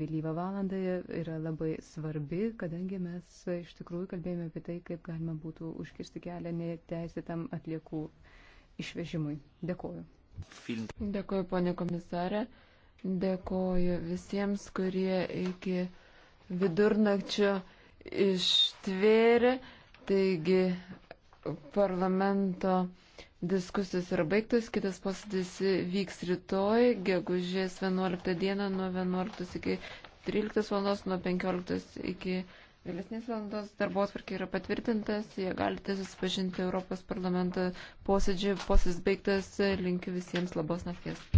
Vėlyvą valandą yra labai svarbi, kadangi mes iš tikrųjų kalbėjome apie tai, kaip galima būtų užkirsti kelią neteisėtam atliekų išvežimui. Dėkoju. Film. Dėkoju, ponė komisarė. Dėkoju visiems, kurie iki vidurnakčio ištvėrė. Taigi parlamento diskusijos yra baigtos, kitas posėdis vyks rytoj, gegužės 11 dieną nuo 11 iki 13 valandos, nuo 15 iki vėlesnės valandos. Darbo atvarkė yra patvirtintas, jie galite susipažinti Europos parlamento posėdžių, posėdis baigtas, linkiu visiems labos nakties.